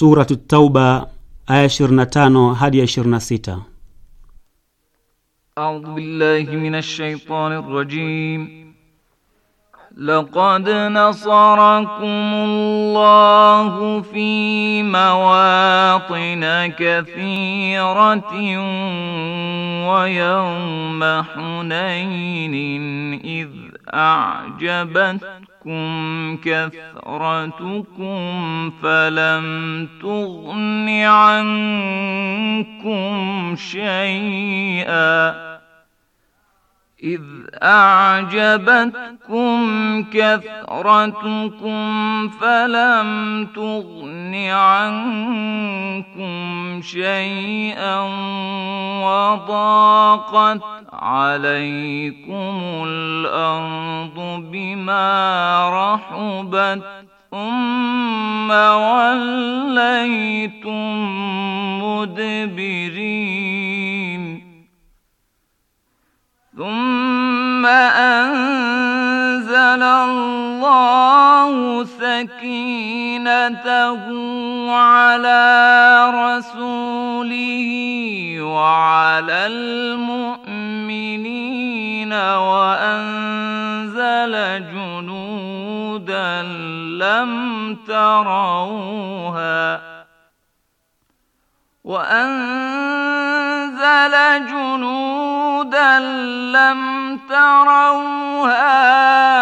Suratu Tauba aya 25 hadi ya 26. A'udhu billahi minash shaitani rrajim. Laqad nasarakumullahu fi mawatin kathiratin wa yawma Hunainin idh a'jabatkum أعجبتكم كثرتكم فلم تغن عنكم شيئا إذ أعجبتكم كثرتكم فلم تغن عنكم شيئا وضاقت عليكم الأرض بما رحبت ثم وليتم مدبرين ثم أنزل الله سكينته على رسوله وعلى المؤمنين وأنزل جنودا لم تروها وأنزل جنودا لم تروها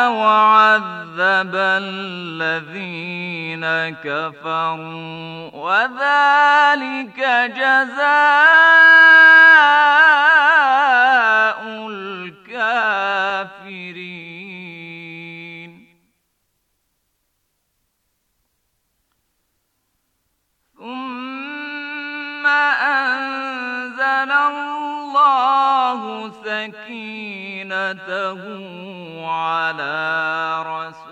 وعذب الذين كفروا وذلك جزاء الله سكينته على رسوله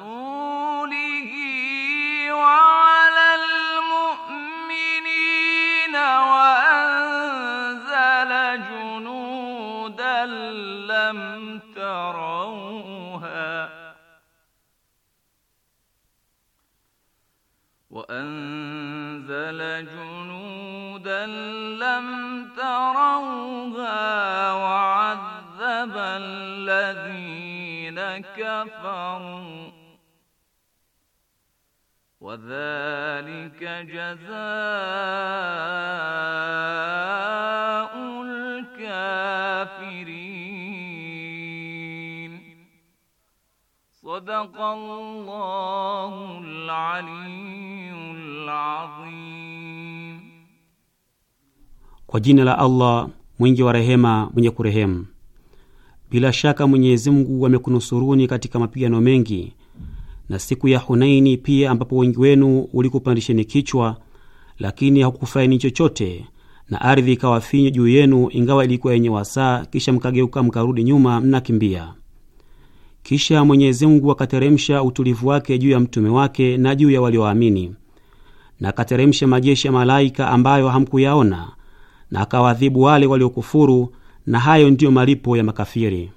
kafaru wadhalika jazaul kafirin. Sadaqallahul aliyyul azim. Kwa jina la Allah mwingi wa rehema mwenye kurehemu. Bila shaka Mwenyezi Mungu amekunusuruni katika mapigano mengi, na siku ya Hunaini pia, ambapo wengi wenu ulikupandisheni kichwa, lakini hakukufaini chochote, na ardhi ikawafinywa juu yenu, ingawa ilikuwa yenye wasaa, kisha mkageuka mkarudi nyuma mnakimbia. Kisha Mwenyezi Mungu akateremsha utulivu wake juu ya mtume wake na juu ya walioamini, na akateremsha majeshi ya malaika ambayo hamkuyaona, na akawadhibu wale waliokufuru na hayo ndiyo malipo ya makafiri.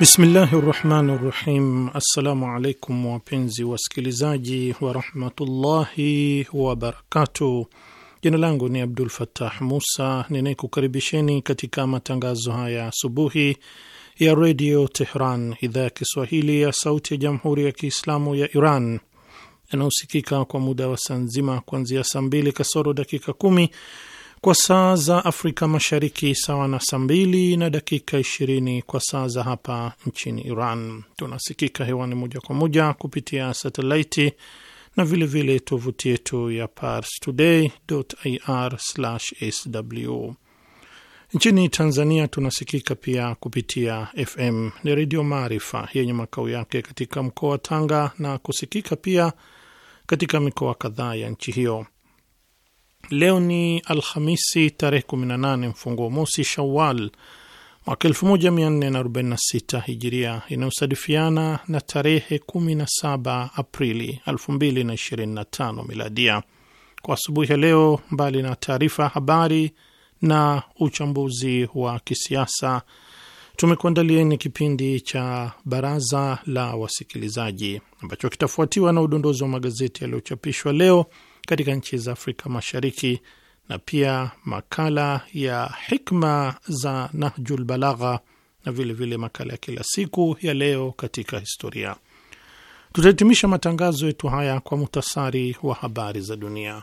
Bismillahi rahmani rahim. Assalamu alaikum wapenzi wasikilizaji warahmatullahi wabarakatuh. Jina langu ni Abdul Fattah Musa ninayekukaribisheni katika matangazo haya asubuhi ya redio Tehran, idhaa ya Kiswahili ya sauti ya jamhuri ya Kiislamu ya Iran, yanayosikika kwa muda wa saa nzima kuanzia saa mbili kasoro dakika kumi kwa saa za Afrika Mashariki, sawa na saa mbili na dakika ishirini kwa saa za hapa nchini Iran. Tunasikika hewani moja kwa moja kupitia satelaiti na vilevile tovuti yetu ya Pars Today ir sw Nchini Tanzania tunasikika pia kupitia FM ni Redio Maarifa yenye makao yake katika mkoa wa Tanga na kusikika pia katika mikoa kadhaa ya nchi hiyo. Leo ni Alhamisi tarehe 18 mfunguo mosi Shawal mwaka 1446 Hijiria inayosadifiana na tarehe 17 Aprili 2025 Miladia. Kwa asubuhi ya leo, mbali na taarifa habari na uchambuzi wa kisiasa tumekuandalieni kipindi cha baraza la wasikilizaji ambacho kitafuatiwa na udondozi wa magazeti yaliyochapishwa leo katika nchi za Afrika Mashariki na pia makala ya hikma za Nahjul Balagha na vilevile vile makala ya kila siku ya leo katika historia. Tutahitimisha matangazo yetu haya kwa muhtasari wa habari za dunia.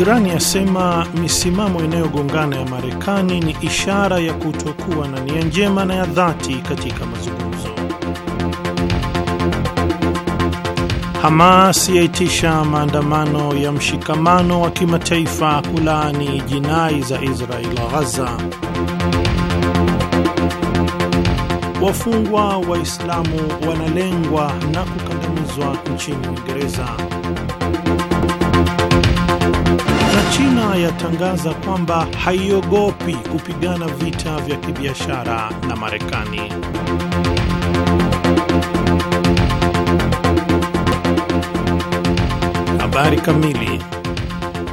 Iran yasema misimamo inayogongana ya Marekani ni ishara ya kutokuwa na nia njema na ya dhati katika mazungumzo. Hamas yaitisha maandamano ya mshikamano wa kimataifa kulaani jinai za Israeli Ghaza. Wafungwa Waislamu wanalengwa na kukandamizwa nchini Uingereza. China yatangaza kwamba haiogopi kupigana vita vya kibiashara na Marekani. Habari kamili.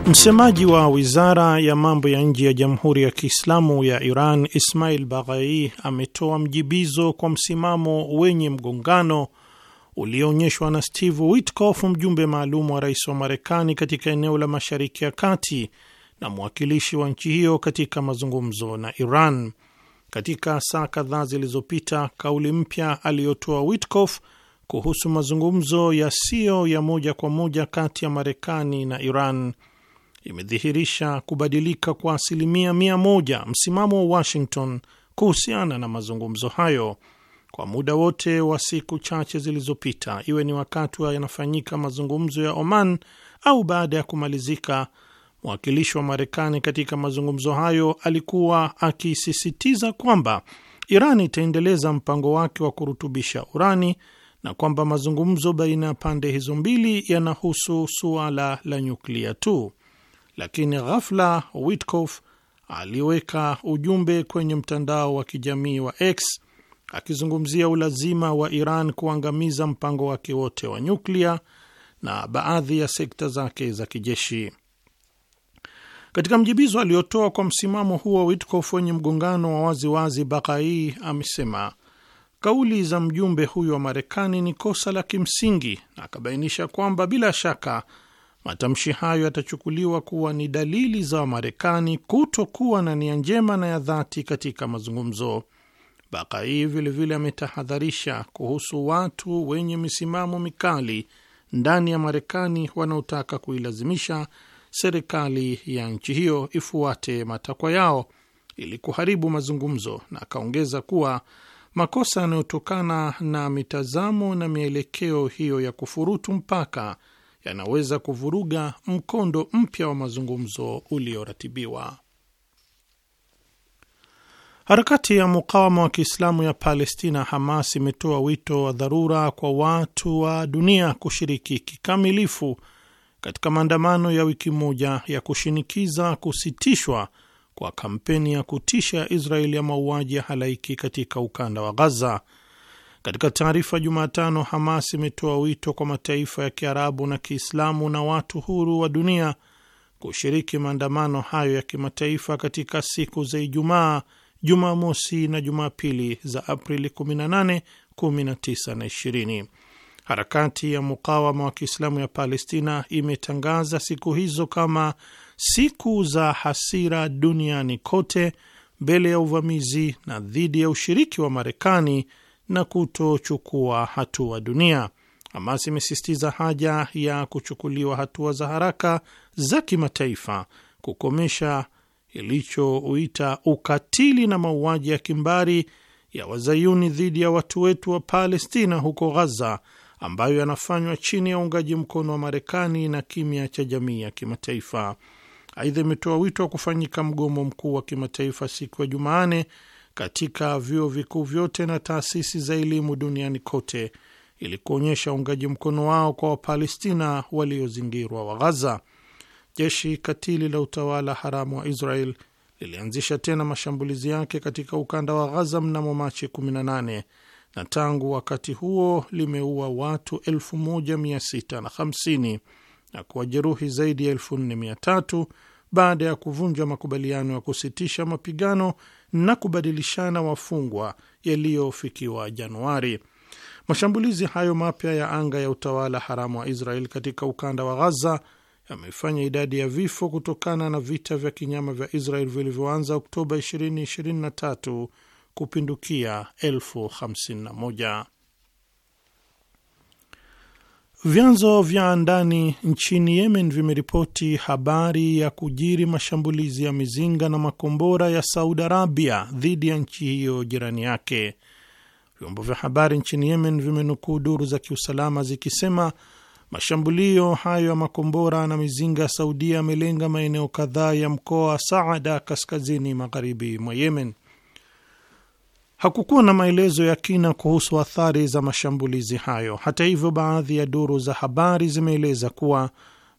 Msemaji wa wizara ya mambo ya nje ya Jamhuri ya Kiislamu ya Iran, Ismail Baghai, ametoa mjibizo kwa msimamo wenye mgongano ulioonyeshwa na Steve Witkoff, mjumbe maalum wa rais wa Marekani katika eneo la Mashariki ya Kati na mwakilishi wa nchi hiyo katika mazungumzo na Iran. Katika saa kadhaa zilizopita, kauli mpya aliyotoa Witkoff kuhusu mazungumzo yasiyo ya moja kwa moja kati ya Marekani na Iran imedhihirisha kubadilika kwa asilimia mia moja msimamo wa Washington kuhusiana na mazungumzo hayo kwa muda wote wa siku chache zilizopita, iwe ni wakati wa yanafanyika mazungumzo ya Oman au baada ya kumalizika. Mwakilishi wa Marekani katika mazungumzo hayo alikuwa akisisitiza kwamba Iran itaendeleza mpango wake wa kurutubisha urani na kwamba mazungumzo baina ya pande hizo mbili yanahusu suala la nyuklia tu. Lakini ghafla Witkoff aliweka ujumbe kwenye mtandao wa kijamii wa X akizungumzia ulazima wa Iran kuangamiza mpango wake wote wa nyuklia na baadhi ya sekta zake za kijeshi. Katika mjibizo aliotoa kwa msimamo huo, Witkof wenye mgongano wa waziwazi Bakai amesema kauli za mjumbe huyo wa Marekani ni kosa la kimsingi, na akabainisha kwamba bila shaka matamshi hayo yatachukuliwa kuwa ni dalili za Wamarekani kutokuwa na nia njema na ya dhati katika mazungumzo. Bakai vilevile ametahadharisha kuhusu watu wenye misimamo mikali ndani ya Marekani wanaotaka kuilazimisha serikali ya nchi hiyo ifuate matakwa yao ili kuharibu mazungumzo, na akaongeza kuwa makosa yanayotokana na mitazamo na mielekeo hiyo ya kufurutu mpaka yanaweza kuvuruga mkondo mpya wa mazungumzo ulioratibiwa. Harakati ya mukawama wa Kiislamu ya Palestina, Hamas, imetoa wito wa dharura kwa watu wa dunia kushiriki kikamilifu katika maandamano ya wiki moja ya kushinikiza kusitishwa kwa kampeni ya kutisha ya Israeli ya mauaji ya halaiki katika ukanda wa Gaza. Katika taarifa Jumatano, Hamas imetoa wito kwa mataifa ya Kiarabu na Kiislamu na watu huru wa dunia kushiriki maandamano hayo ya kimataifa katika siku za Ijumaa Jumamosi na Jumapili za Aprili 18, 19 na 20. Harakati ya mukawama wa Kiislamu ya Palestina imetangaza siku hizo kama siku za hasira duniani kote mbele ya uvamizi na dhidi ya ushiriki wa Marekani na kutochukua hatua dunia. Hamas imesisitiza haja ya kuchukuliwa hatua za haraka za kimataifa kukomesha kilichouita ukatili na mauaji ya kimbari ya wazayuni dhidi ya watu wetu wa Palestina huko Ghaza, ambayo yanafanywa chini ya uungaji mkono wa Marekani na kimya cha jamii ya kimataifa. Aidha, imetoa wito wa kufanyika mgomo mkuu wa kimataifa siku ya Jumanne katika vyuo vikuu vyote na taasisi za elimu duniani kote ili kuonyesha uungaji mkono wao kwa Wapalestina waliozingirwa wa Ghaza jeshi katili la utawala haramu wa Israel lilianzisha tena mashambulizi yake katika ukanda wa Ghaza mnamo Machi 18 na tangu wakati huo limeua watu 1650 na kuwajeruhi zaidi ya 4300 baada ya kuvunja makubaliano ya kusitisha mapigano na kubadilishana wafungwa yaliyofikiwa Januari. Mashambulizi hayo mapya ya anga ya utawala haramu wa Israel katika ukanda wa Ghaza yamefanya idadi ya vifo kutokana na vita vya kinyama vya Israel vilivyoanza Oktoba 2023 kupindukia elfu Vyanzo vya ndani nchini Yemen vimeripoti habari ya kujiri mashambulizi ya mizinga na makombora ya Saudi Arabia dhidi ya nchi hiyo jirani yake. Vyombo vya habari nchini Yemen vimenukuu duru za kiusalama zikisema Mashambulio hayo ya makombora na mizinga ya Saudia yamelenga maeneo kadhaa ya mkoa wa Saada kaskazini magharibi mwa Yemen. Hakukuwa na maelezo ya kina kuhusu athari za mashambulizi hayo. Hata hivyo, baadhi ya duru za habari zimeeleza kuwa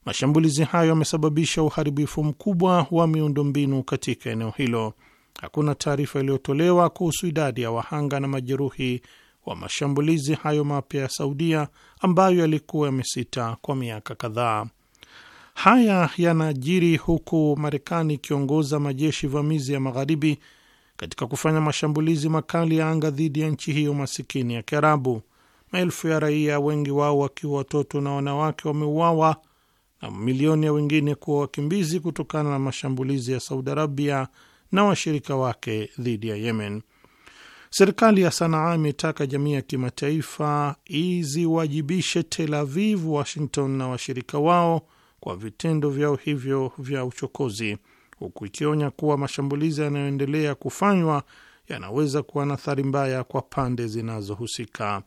mashambulizi hayo yamesababisha uharibifu mkubwa wa miundombinu katika eneo hilo. Hakuna taarifa iliyotolewa kuhusu idadi ya wahanga na majeruhi wa mashambulizi hayo mapya ya Saudia ambayo yalikuwa yamesita kwa miaka kadhaa. Haya yanajiri huku Marekani ikiongoza majeshi vamizi ya magharibi katika kufanya mashambulizi makali ya anga dhidi ya nchi hiyo masikini ya Kiarabu. Maelfu ya raia, wengi wao wakiwa watoto na wanawake, wameuawa na mamilioni ya wengine kuwa wakimbizi kutokana na mashambulizi ya Saudi Arabia na washirika wake dhidi ya Yemen. Serikali ya Sanaa imetaka jamii ya kimataifa iziwajibishe Tel Aviv, Washington na washirika wao kwa vitendo vyao hivyo vya uchokozi, huku ikionya kuwa mashambulizi yanayoendelea kufanywa yanaweza kuwa na athari mbaya kwa pande zinazohusika.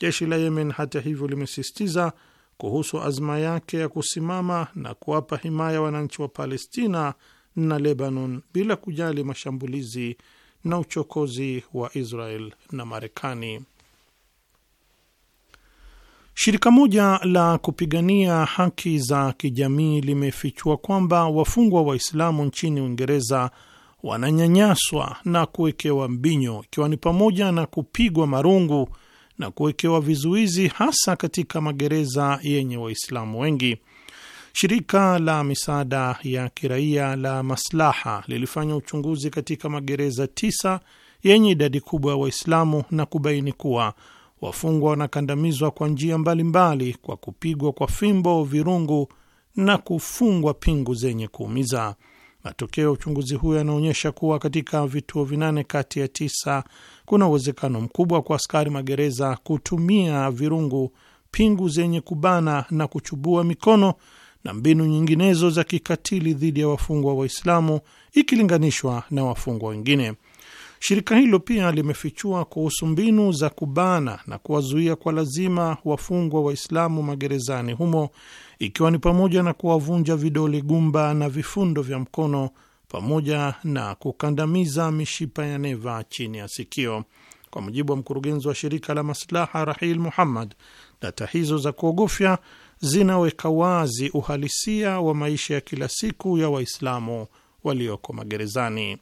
Jeshi la Yemen hata hivyo limesisitiza kuhusu azma yake ya kusimama na kuwapa himaya wananchi wa Palestina na Lebanon bila kujali mashambulizi na uchokozi wa Israel na Marekani. Shirika moja la kupigania haki za kijamii limefichua kwamba wafungwa Waislamu nchini Uingereza wananyanyaswa na kuwekewa mbinyo, ikiwa ni pamoja na kupigwa marungu na kuwekewa vizuizi, hasa katika magereza yenye Waislamu wengi. Shirika la misaada ya kiraia la Maslaha lilifanya uchunguzi katika magereza tisa yenye idadi kubwa ya Waislamu na kubaini kuwa wafungwa wanakandamizwa kwa njia mbalimbali, kwa kupigwa kwa fimbo, virungu na kufungwa pingu zenye kuumiza. Matokeo ya uchunguzi huyo yanaonyesha kuwa katika vituo vinane kati ya tisa kuna uwezekano mkubwa kwa askari magereza kutumia virungu, pingu zenye kubana na kuchubua mikono na mbinu nyinginezo za kikatili dhidi ya wafungwa Waislamu ikilinganishwa na wafungwa wengine. Shirika hilo pia limefichua kuhusu mbinu za kubana na kuwazuia kwa lazima wafungwa Waislamu magerezani humo, ikiwa ni pamoja na kuwavunja vidole gumba na vifundo vya mkono pamoja na kukandamiza mishipa ya neva chini ya sikio. Kwa mujibu wa mkurugenzi wa shirika la maslaha Rahil Muhammad, data hizo za kuogofya zinaweka wazi uhalisia wa maisha ya kila siku ya Waislamu walioko magerezani.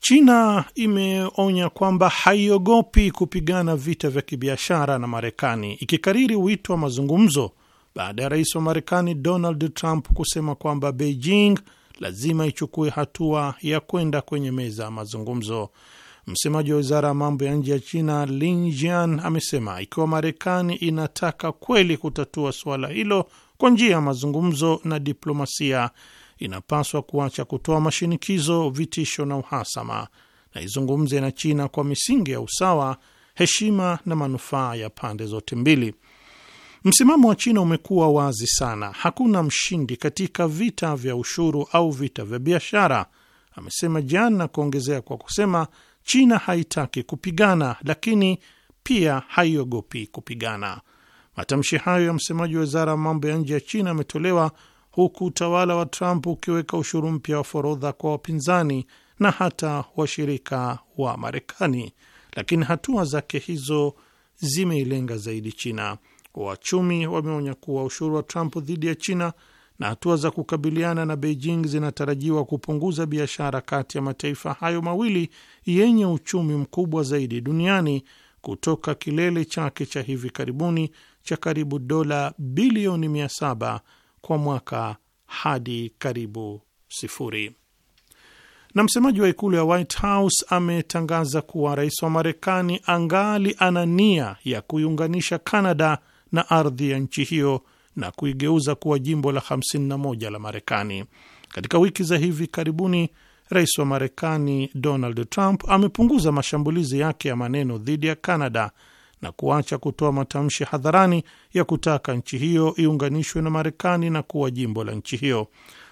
China imeonya kwamba haiogopi kupigana vita vya kibiashara na Marekani, ikikariri wito wa mazungumzo baada ya rais wa Marekani Donald Trump kusema kwamba Beijing lazima ichukue hatua ya kwenda kwenye meza ya mazungumzo. Msemaji wa wizara ya mambo ya nje ya China Lin Jian amesema ikiwa Marekani inataka kweli kutatua suala hilo kwa njia ya mazungumzo na diplomasia, inapaswa kuacha kutoa mashinikizo, vitisho na uhasama, na izungumze na China kwa misingi ya usawa, heshima na manufaa ya pande zote mbili. Msimamo wa China umekuwa wazi sana, hakuna mshindi katika vita vya ushuru au vita vya biashara, amesema Jian na kuongezea kwa kusema China haitaki kupigana, lakini pia haiogopi kupigana. Matamshi hayo ya msemaji wa wizara ya mambo ya nje ya China ametolewa huku utawala wa Trump ukiweka ushuru mpya wa forodha kwa wapinzani na hata washirika wa Marekani, lakini hatua zake hizo zimeilenga zaidi China. Wachumi wameonya kuwa ushuru wa Trump dhidi ya China na hatua za kukabiliana na Beijing zinatarajiwa kupunguza biashara kati ya mataifa hayo mawili yenye uchumi mkubwa zaidi duniani kutoka kilele chake cha hivi karibuni cha karibu dola bilioni 700 kwa mwaka hadi karibu sifuri. Na msemaji wa ikulu ya White House ametangaza kuwa rais wa Marekani angali ana nia ya kuiunganisha canada na ardhi ya nchi hiyo na kuigeuza kuwa jimbo la 51 la Marekani. Katika wiki za hivi karibuni, rais wa Marekani Donald Trump amepunguza mashambulizi yake ya maneno dhidi ya canada na kuacha kutoa matamshi hadharani ya kutaka nchi hiyo iunganishwe na Marekani na kuwa jimbo la nchi hiyo.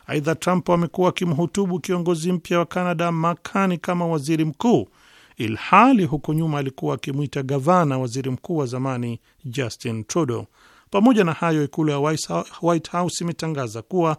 Aidha, Trump amekuwa akimhutubu kiongozi mpya wa canada makani kama waziri mkuu, ilhali huko nyuma alikuwa akimwita gavana waziri mkuu wa zamani Justin Trudeau. Pamoja na hayo, ikulu ya White House imetangaza kuwa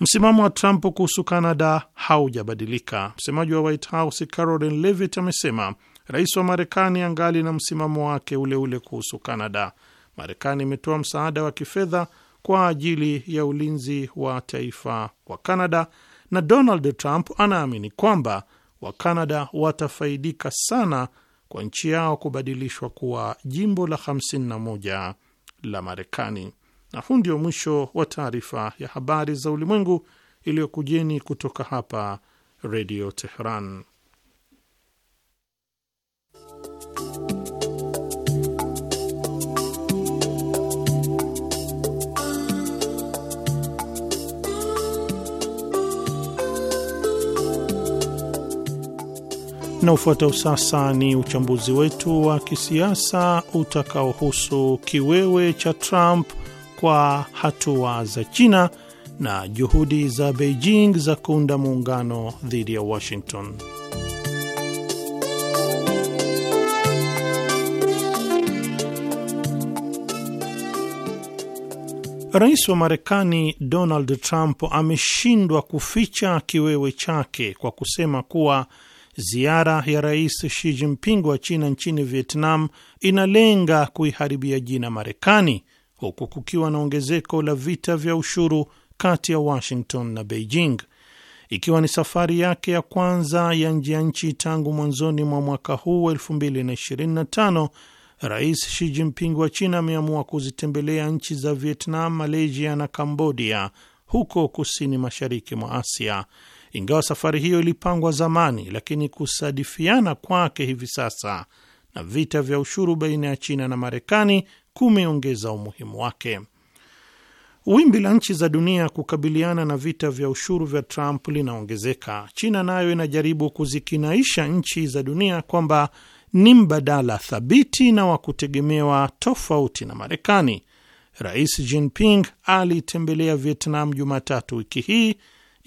msimamo wa Trump kuhusu Canada haujabadilika. Msemaji wa White House Caroline Levitt amesema rais wa Marekani angali na msimamo wake uleule ule kuhusu Canada. Marekani imetoa msaada wa kifedha kwa ajili ya ulinzi wa taifa wa Canada na Donald Trump anaamini kwamba Wakanada watafaidika sana kwa nchi yao kubadilishwa kuwa jimbo la 51 la Marekani. Na huu ndio mwisho wa taarifa ya habari za ulimwengu iliyokujeni kutoka hapa Redio Teheran. Na ufuatao sasa ni uchambuzi wetu wa kisiasa utakaohusu kiwewe cha Trump kwa hatua za China na juhudi za Beijing za kuunda muungano dhidi ya Washington. Rais wa Marekani Donald Trump ameshindwa kuficha kiwewe chake kwa kusema kuwa Ziara ya Rais Xi Jinping wa China nchini Vietnam inalenga kuiharibia jina Marekani, huku kukiwa na ongezeko la vita vya ushuru kati ya Washington na Beijing. Ikiwa ni safari yake ya kwanza ya nje ya nchi tangu mwanzoni mwa mwaka huu wa 2025, Rais Xi Jinping wa China ameamua kuzitembelea nchi za Vietnam, Malaysia na Cambodia huko kusini mashariki mwa Asia ingawa safari hiyo ilipangwa zamani, lakini kusadifiana kwake hivi sasa na vita vya ushuru baina ya China na Marekani kumeongeza umuhimu wake. Wimbi la nchi za dunia kukabiliana na vita vya ushuru vya Trump linaongezeka. China nayo inajaribu kuzikinaisha nchi za dunia kwamba ni mbadala thabiti na wa kutegemewa, tofauti na Marekani. Rais Jinping alitembelea Vietnam Jumatatu wiki hii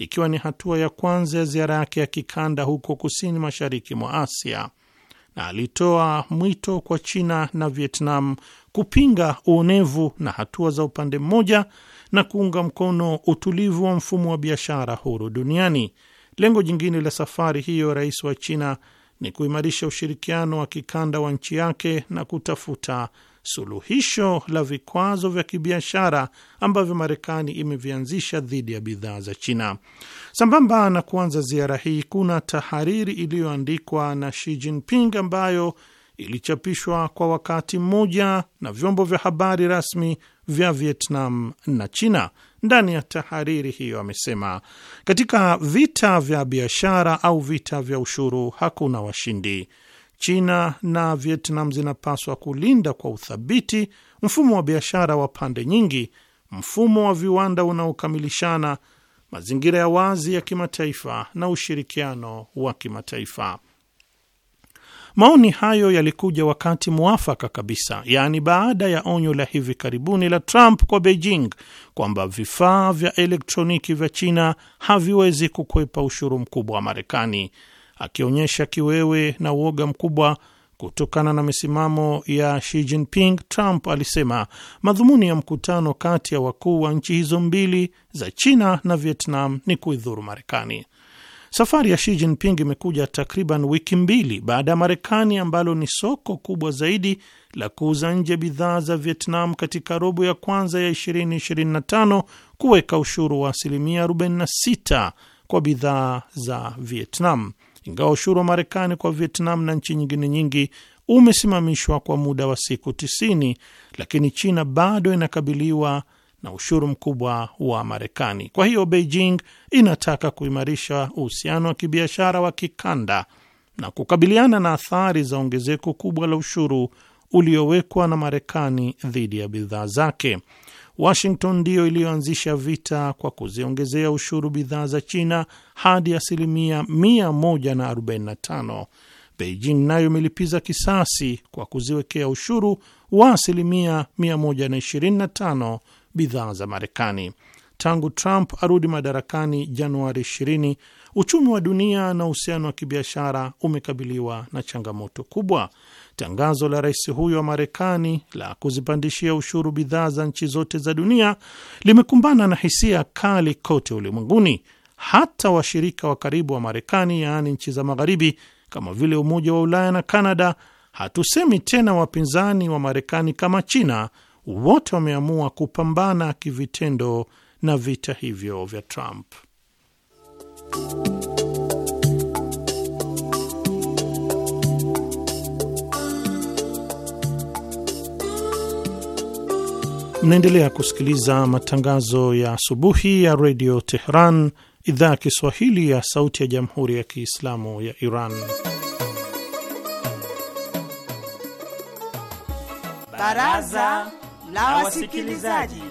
ikiwa ni hatua ya kwanza ya ziara yake ya kikanda huko kusini mashariki mwa Asia, na alitoa mwito kwa China na Vietnam kupinga uonevu na hatua za upande mmoja na kuunga mkono utulivu wa mfumo wa biashara huru duniani. Lengo jingine la safari hiyo rais wa China ni kuimarisha ushirikiano wa kikanda wa nchi yake na kutafuta suluhisho la vikwazo vya kibiashara ambavyo Marekani imevianzisha dhidi ya bidhaa za China. Sambamba na kuanza ziara hii, kuna tahariri iliyoandikwa na Xi Jinping ambayo ilichapishwa kwa wakati mmoja na vyombo vya habari rasmi vya Vietnam na China. Ndani ya tahariri hiyo amesema, katika vita vya biashara au vita vya ushuru hakuna washindi. China na Vietnam zinapaswa kulinda kwa uthabiti mfumo wa biashara wa pande nyingi, mfumo wa viwanda unaokamilishana, mazingira ya wazi ya kimataifa na ushirikiano wa kimataifa. Maoni hayo yalikuja wakati mwafaka kabisa, yaani baada ya onyo la hivi karibuni la Trump kwa Beijing kwamba vifaa vya elektroniki vya China haviwezi kukwepa ushuru mkubwa wa Marekani, akionyesha kiwewe na uoga mkubwa kutokana na misimamo ya Xi Jinping, Trump alisema madhumuni ya mkutano kati ya wakuu wa nchi hizo mbili za China na Vietnam ni kuidhuru Marekani. Safari ya Xi Jinping imekuja takriban wiki mbili baada ya Marekani, ambalo ni soko kubwa zaidi la kuuza nje bidhaa za Vietnam, katika robo ya kwanza ya 2025 kuweka ushuru wa asilimia 46 kwa bidhaa za Vietnam ingawa ushuru wa Marekani kwa Vietnam na nchi nyingine nyingi umesimamishwa kwa muda wa siku 90, lakini China bado inakabiliwa na ushuru mkubwa wa Marekani. Kwa hiyo Beijing inataka kuimarisha uhusiano wa kibiashara wa kikanda na kukabiliana na athari za ongezeko kubwa la ushuru uliowekwa na Marekani dhidi ya bidhaa zake. Washington ndiyo iliyoanzisha vita kwa kuziongezea ushuru bidhaa za China hadi asilimia 145. Beijing nayo imelipiza kisasi kwa kuziwekea ushuru wa asilimia 125 bidhaa za Marekani. Tangu Trump arudi madarakani Januari 20 uchumi wa dunia na uhusiano wa kibiashara umekabiliwa na changamoto kubwa. Tangazo la rais huyo wa Marekani la kuzipandishia ushuru bidhaa za nchi zote za dunia limekumbana na hisia kali kote ulimwenguni. Hata washirika wa karibu wa Marekani, yaani nchi za magharibi kama vile Umoja wa Ulaya na Kanada, hatusemi tena wapinzani wa Marekani kama China, wote wameamua kupambana kivitendo na vita hivyo vya Trump. Mnaendelea kusikiliza matangazo ya asubuhi ya redio Tehran, idhaa ya Kiswahili ya sauti ya jamhuri ya Kiislamu ya Iran. Baraza la Wasikilizaji.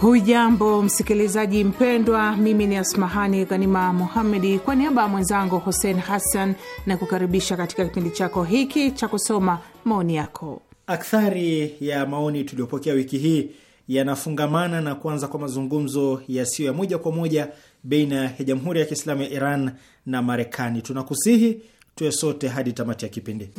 Hujambo msikilizaji mpendwa, mimi ni Asmahani Ghanima Muhammedi, kwa niaba ya mwenzangu Hussein Hassan na kukaribisha katika kipindi chako hiki cha kusoma maoni yako. Akthari ya maoni tuliyopokea wiki hii yanafungamana na kuanza kwa mazungumzo yasiyo ya moja kwa moja baina ya Jamhuri ya Kiislamu ya Iran na Marekani. Tunakusihi tuwe sote hadi tamati ya kipindi.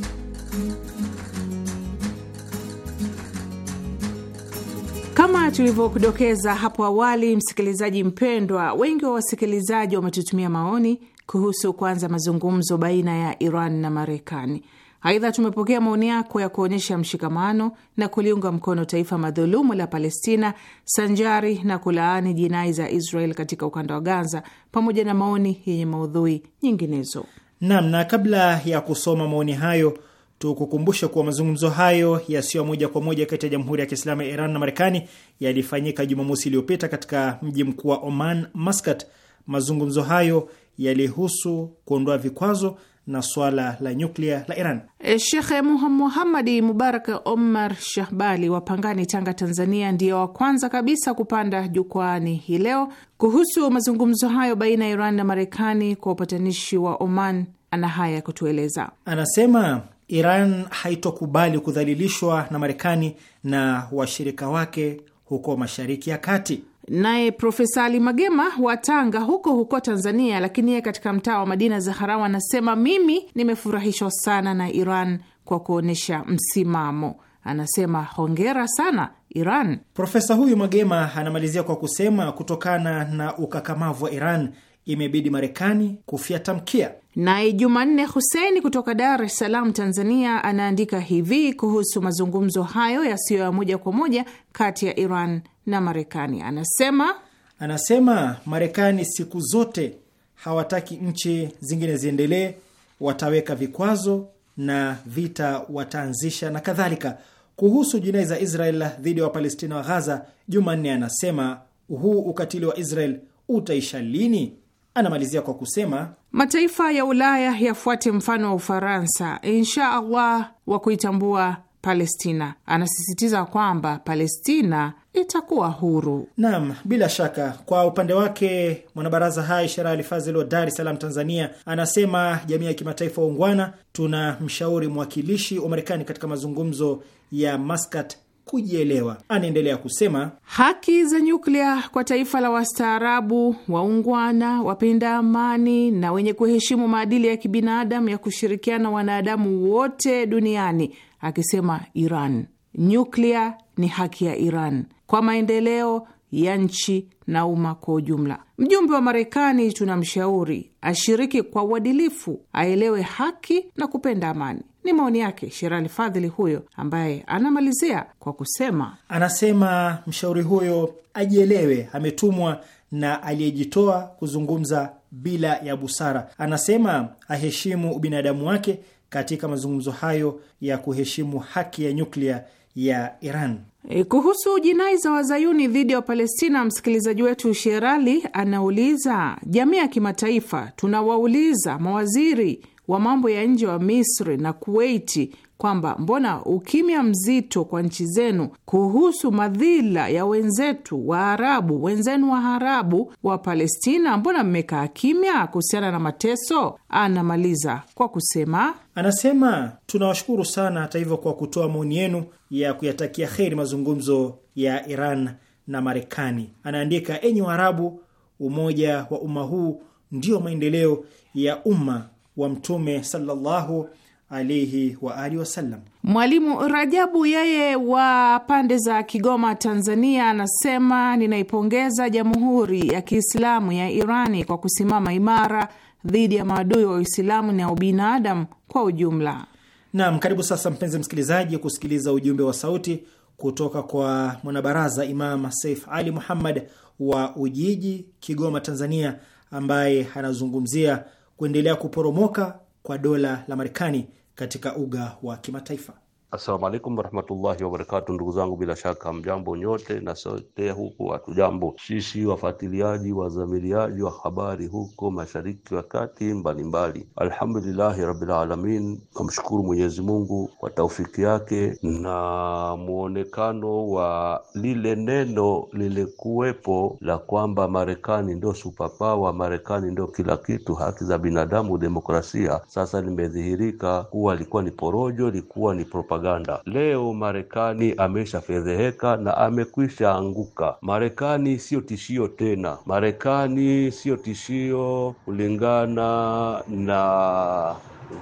Kama tulivyokudokeza hapo awali, msikilizaji mpendwa, wengi wa wasikilizaji wametutumia maoni kuhusu kuanza mazungumzo baina ya Iran na Marekani. Aidha, tumepokea maoni yako ya kuonyesha mshikamano na kuliunga mkono taifa madhulumu la Palestina sanjari na kulaani jinai za Israel katika ukanda wa Gaza, pamoja na maoni yenye maudhui nyinginezo. Naam, na kabla ya kusoma maoni hayo Tukukumbushe kuwa mazungumzo hayo yasiyo moja kwa moja kati ya Jamhuri ya Kiislamu ya Iran na Marekani yalifanyika Jumamosi iliyopita katika mji mkuu wa Oman, Maskat. Mazungumzo hayo yalihusu kuondoa vikwazo na swala la nyuklia la Iran. E, Shekhe Muhammadi Mubarak Omar Shahbali wa Pangani, Tanga, Tanzania, ndiyo wa kwanza kabisa kupanda jukwaani hii leo kuhusu mazungumzo hayo baina ya Iran na Marekani kwa upatanishi wa Oman. Ana haya ya kutueleza, anasema Iran haitokubali kudhalilishwa na Marekani na washirika wake huko Mashariki ya Kati. Naye Profesa Ali Magema wa Tanga huko huko Tanzania, lakini yeye katika mtaa wa Madina Zaharau anasema, mimi nimefurahishwa sana na Iran kwa kuonyesha msimamo. Anasema hongera sana Iran. Profesa huyu Magema anamalizia kwa kusema, kutokana na ukakamavu wa Iran imebidi Marekani kufyata mkia. Naye Jumanne Huseini kutoka Dar es Salaam, Tanzania, anaandika hivi kuhusu mazungumzo hayo yasiyo ya moja kwa moja kati ya Iran na Marekani. Anasema anasema Marekani siku zote hawataki nchi zingine ziendelee, wataweka vikwazo na vita wataanzisha na kadhalika. Kuhusu jinai za Israel dhidi ya Wapalestina wa Ghaza, Jumanne anasema huu ukatili wa Israel utaisha lini? Anamalizia kwa kusema mataifa ya Ulaya yafuate mfano wa Ufaransa, insha Allah, wa kuitambua Palestina. Anasisitiza kwamba Palestina itakuwa huru. Naam, bila shaka. Kwa upande wake mwanabaraza hai Sherali Fazil wa Dar es Salaam, Tanzania, anasema jamii ya kimataifa wa ungwana, tuna mshauri mwakilishi wa Marekani katika mazungumzo ya Maskat kujielewa. Anaendelea kusema, haki za nyuklia kwa taifa la wastaarabu, waungwana, wapenda amani na wenye kuheshimu maadili ya kibinadamu ya kushirikiana wanadamu wote duniani, akisema Iran. Nyuklia ni haki ya Iran kwa maendeleo ya nchi na umma kwa ujumla. Mjumbe wa Marekani tunamshauri ashiriki kwa uadilifu, aelewe haki na kupenda amani. Ni maoni yake Sherali Fadhili huyo, ambaye anamalizia kwa kusema, anasema mshauri huyo ajielewe, ametumwa na aliyejitoa kuzungumza bila ya busara. Anasema aheshimu ubinadamu wake katika mazungumzo hayo ya kuheshimu haki ya nyuklia ya Iran. E, kuhusu jinai za wazayuni dhidi ya Wapalestina, msikilizaji wetu Sherali anauliza, jamii ya kimataifa tunawauliza mawaziri wa mambo ya nje wa Misri na Kuwaiti kwamba mbona ukimya mzito kwa nchi zenu kuhusu madhila ya wenzetu Arabu, wenzenu wa Arabu wa Palestina, mbona mmekaa kimya kuhusiana na mateso? Anamaliza kwa kusema anasema, tunawashukuru sana hata hivyo kwa kutoa maoni yenu ya kuyatakia heri mazungumzo ya Iran na Marekani. Anaandika, enyi Waarabu, umoja wa umma huu ndio maendeleo ya umma wa Mtume sallallahu alaihi wa alihi wasallam. Mwalimu Rajabu yeye wa pande za Kigoma, Tanzania, anasema ninaipongeza Jamhuri ya Kiislamu ya Irani kwa kusimama imara dhidi ya maadui wa Uislamu na ubinadamu kwa ujumla. Naam, karibu sasa mpenzi msikilizaji kusikiliza ujumbe wa sauti kutoka kwa mwanabaraza Imam Saif Ali Muhammad wa Ujiji, Kigoma, Tanzania, ambaye anazungumzia kuendelea kuporomoka kwa dola la Marekani katika uga wa kimataifa. Assalamu alaikum warahmatullahi wabarakatu, ndugu zangu, bila shaka mjambo nyote na sote huku jambo Sisi wafuatiliaji wazamiliaji wa habari huko mashariki wa kati mbalimbali, alhamdulillahi rabbil alamin. Namshukuru Mwenyezi Mungu kwa taufiki yake na muonekano wa lile neno lilikuwepo la kwamba Marekani ndio superpower, Marekani ndio kila kitu, haki za binadamu, demokrasia, sasa limedhihirika kuwa likuwa ni porojo, likuwa ni propaganda propaganda. Leo Marekani ameshafedheheka na amekwisha anguka. Marekani siyo tishio tena, Marekani siyo tishio kulingana na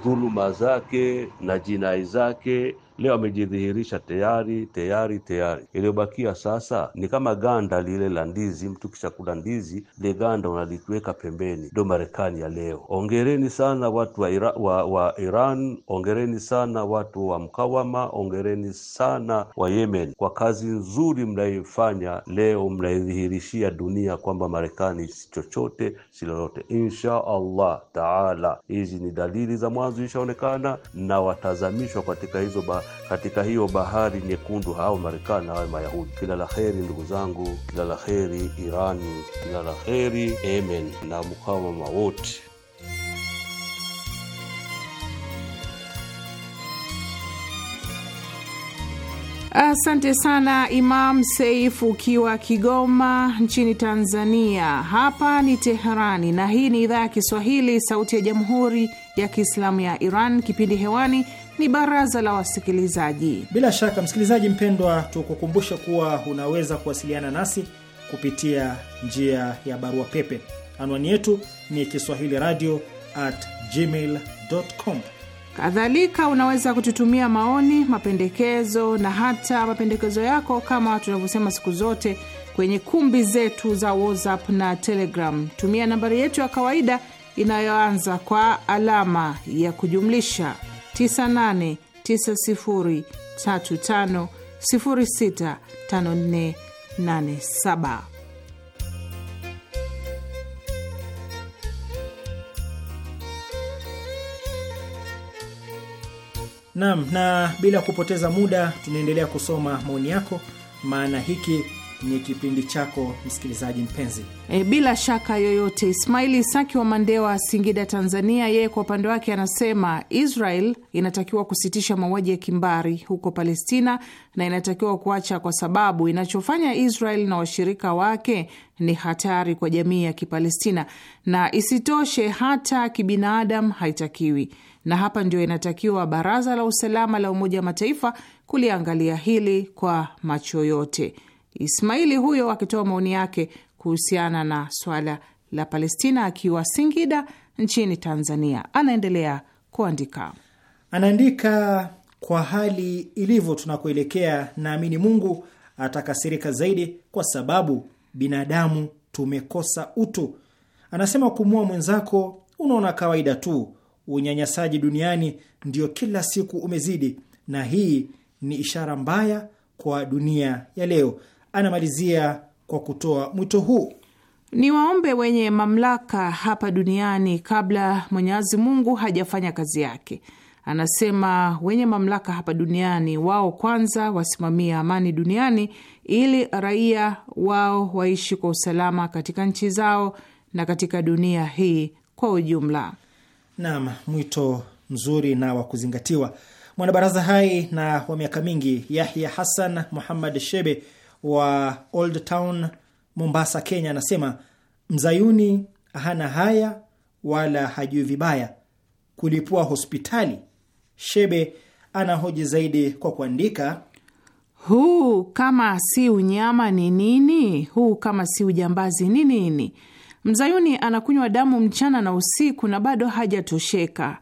dhuluma zake na jinai zake leo amejidhihirisha tayari tayari tayari. Iliyobakia sasa ni kama ganda lile la ndizi. Mtu kisha kula ndizi, ile ganda unalikiweka pembeni. Ndio Marekani ya leo. Ongereni sana watu wa, Ira, wa, wa Iran, ongereni sana watu wa mkawama, ongereni sana wa Yemen kwa kazi nzuri mnaifanya. Leo mnaidhihirishia dunia kwamba Marekani si chochote si lolote. Insha Allah taala, hizi ni dalili za mwanzo ishaonekana na watazamishwa katika hizo ba katika hiyo bahari nyekundu, hawa Marekani hawe Mayahudi. Kila la heri ndugu zangu, kila la heri Irani, kila la heri Yemen na mukawama wote. Asante sana Imam Seif, ukiwa Kigoma nchini Tanzania. Hapa ni Teherani na hii ni idhaa ya Kiswahili, Sauti ya Jamhuri ya Kiislamu ya Iran. Kipindi hewani ni baraza la wasikilizaji. Bila shaka, msikilizaji mpendwa, tukukumbushe kuwa unaweza kuwasiliana nasi kupitia njia ya barua pepe. Anwani yetu ni kiswahili radio at gmail com. Kadhalika, unaweza kututumia maoni, mapendekezo na hata mapendekezo yako, kama tunavyosema siku zote, kwenye kumbi zetu za WhatsApp na Telegram. Tumia nambari yetu ya kawaida inayoanza kwa alama ya kujumlisha 989035065487. Naam, na bila kupoteza muda tunaendelea kusoma maoni yako, maana hiki ni kipindi chako msikilizaji mpenzi. E, bila shaka yoyote, Ismaili saki wa Mandewa, Singida, Tanzania, yeye kwa upande wake anasema Israel inatakiwa kusitisha mauaji ya kimbari huko Palestina na inatakiwa kuacha, kwa sababu inachofanya Israel na washirika wake ni hatari kwa jamii ya Kipalestina, na isitoshe hata kibinadamu haitakiwi na hapa ndio inatakiwa Baraza la Usalama la Umoja wa Mataifa kuliangalia hili kwa macho yote. Ismaili huyo akitoa maoni yake kuhusiana na swala la Palestina akiwa Singida nchini Tanzania. Anaendelea kuandika, anaandika kwa hali ilivyo tunakoelekea, naamini Mungu atakasirika zaidi, kwa sababu binadamu tumekosa utu. Anasema kumua mwenzako unaona kawaida tu. Unyanyasaji duniani ndio kila siku umezidi, na hii ni ishara mbaya kwa dunia ya leo anamalizia kwa kutoa mwito huu: ni waombe wenye mamlaka hapa duniani kabla Mwenyezi Mungu hajafanya kazi yake. Anasema wenye mamlaka hapa duniani wao kwanza wasimamie amani duniani ili raia wao waishi kwa usalama katika nchi zao na katika dunia hii kwa ujumla. Naam, mwito mzuri na wa kuzingatiwa. Mwanabaraza hai na wa miaka mingi Yahya Hassan Muhammad Shebe wa Old Town Mombasa, Kenya, anasema mzayuni hana haya wala hajui vibaya kulipua hospitali. Shebe anahoji zaidi kwa kuandika, huu kama si unyama ni nini? Huu kama si ujambazi ni nini? Mzayuni anakunywa damu mchana na usiku na bado hajatosheka.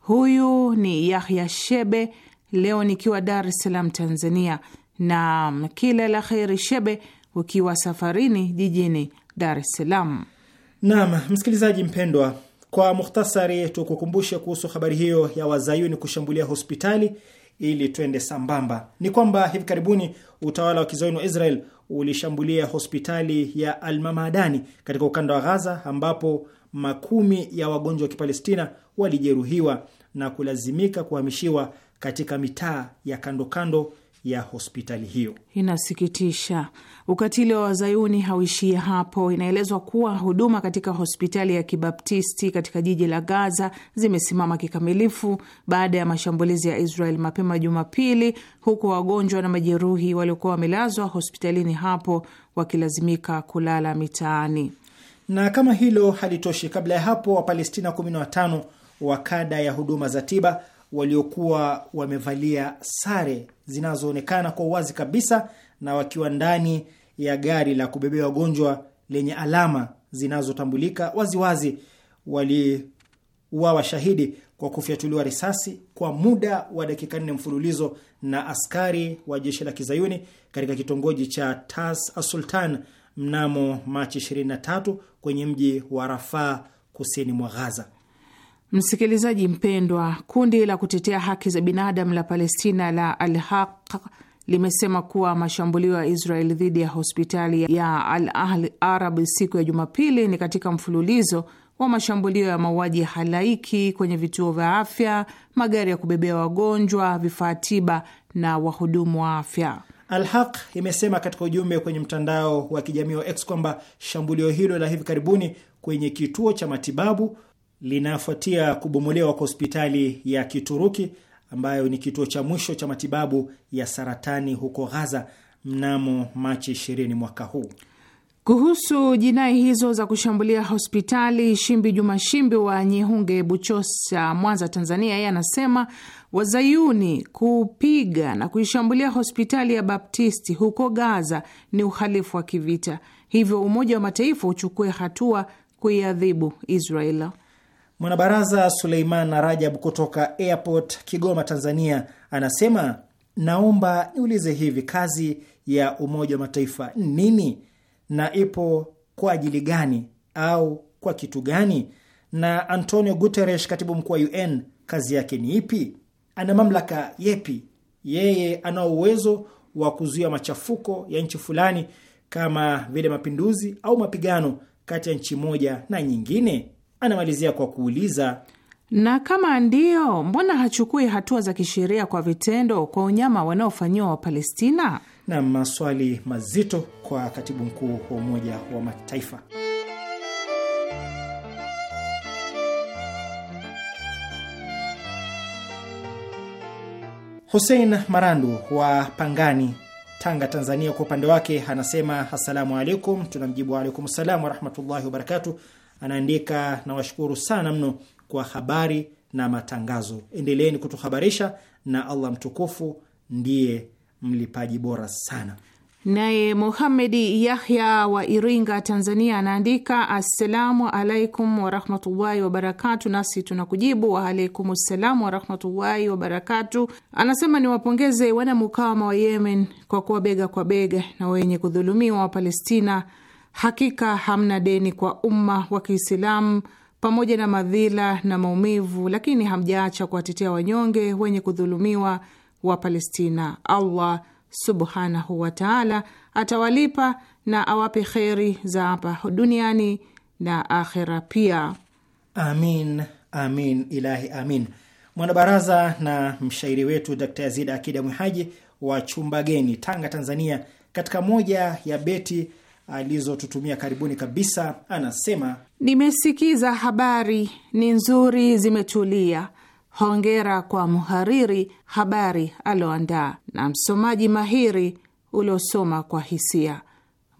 Huyu ni Yahya Shebe. Leo nikiwa Dar es Salaam, Tanzania, na kila la kheri shebe ukiwa safarini jijini Dar es Salaam. Naam, msikilizaji mpendwa, kwa mukhtasari tukukumbushe kuhusu habari hiyo ya wazayuni kushambulia hospitali ili twende sambamba, ni kwamba hivi karibuni utawala wa kizayuni wa Israel ulishambulia hospitali ya Almamadani katika ukanda wa Ghaza ambapo makumi ya wagonjwa wa Kipalestina walijeruhiwa na kulazimika kuhamishiwa katika mitaa ya kando kando ya hospitali hiyo. Inasikitisha, ukatili wa wazayuni hauishii hapo. Inaelezwa kuwa huduma katika hospitali ya kibaptisti katika jiji la Gaza zimesimama kikamilifu baada ya mashambulizi ya Israel mapema Jumapili, huku wagonjwa na majeruhi waliokuwa wamelazwa hospitalini hapo wakilazimika kulala mitaani. Na kama hilo halitoshi, kabla ya hapo Wapalestina 15 wa kada ya huduma za tiba waliokuwa wamevalia sare zinazoonekana kwa uwazi kabisa na wakiwa ndani ya gari la kubebea wagonjwa lenye alama zinazotambulika waziwazi, waliuawa shahidi kwa kufyatuliwa risasi kwa muda wa dakika nne mfululizo na askari wa jeshi la kizayuni katika kitongoji cha Tas Asultan mnamo Machi 23 kwenye mji wa Rafaa kusini mwa Ghaza. Msikilizaji mpendwa, kundi la kutetea haki za binadamu la Palestina la Al Haq limesema kuwa mashambulio ya Israel dhidi ya hospitali ya Al Ahli Arab siku ya Jumapili ni katika mfululizo wa mashambulio ya mauaji ya halaiki kwenye vituo vya afya, magari ya kubebea wagonjwa, vifaa tiba na wahudumu wa afya. Haq imesema katika ujumbe kwenye mtandao wa kijamii wa X kwamba shambulio hilo la hivi karibuni kwenye kituo cha matibabu linafuatia kubomolewa kwa hospitali ya Kituruki ambayo ni kituo cha mwisho cha matibabu ya saratani huko Ghaza mnamo Machi 20 mwaka huu. Kuhusu jinai hizo za kushambulia hospitali, Shimbi Juma Shimbi wa Nyehunge, Buchosa, Mwanza, Tanzania, yeye anasema Wazayuni kupiga na kuishambulia hospitali ya Baptisti huko Gaza ni uhalifu wa kivita, hivyo Umoja wa Mataifa uchukue hatua kuiadhibu Israeli. Mwanabaraza Suleiman Rajab kutoka Airport Kigoma, Tanzania, anasema naomba niulize, hivi kazi ya Umoja wa Mataifa nini na ipo kwa ajili gani au kwa kitu gani? Na Antonio Guterres, katibu mkuu wa UN, kazi yake ni ipi? Ana mamlaka yepi? Yeye ana uwezo wa kuzuia machafuko ya nchi fulani kama vile mapinduzi au mapigano kati ya nchi moja na nyingine? Anamalizia kwa kuuliza, na kama ndiyo, mbona hachukui hatua za kisheria kwa vitendo kwa unyama wanaofanyiwa Wapalestina? Na maswali mazito kwa katibu mkuu wa Umoja wa Mataifa. Hussein Marandu wa Pangani, Tanga, Tanzania, kwa upande wake anasema assalamu alaikum. Tunamjibu alaikum salam warahmatullahi wabarakatuh anaandika, nawashukuru sana mno kwa habari na matangazo, endeleeni kutuhabarisha na Allah mtukufu ndiye mlipaji bora sana. Naye Muhamedi Yahya wa Iringa, Tanzania, anaandika assalamu alaikum warahmatullahi wabarakatu. Nasi tunakujibu waalaikum ssalamu warahmatullahi wabarakatu. Anasema niwapongeze wanamukawama wa Yemen kwa kuwa bega kwa bega na wenye kudhulumiwa wa Palestina Hakika hamna deni kwa umma wa Kiislamu pamoja na madhila na maumivu, lakini hamjaacha kuwatetea wanyonge wenye kudhulumiwa wa Palestina. Allah subhanahu wataala atawalipa na awape kheri za hapa duniani na akhera pia. Amin, amin, ilahi amin. Mwanabaraza na mshairi wetu Dkt. Yazid Akida Mwihaji wa Chumbageni, Tanga, Tanzania, katika moja ya beti alizotutumia karibuni kabisa, anasema nimesikiza habari ni nzuri, zimetulia. Hongera kwa mhariri habari aloandaa na msomaji mahiri uliosoma kwa hisia.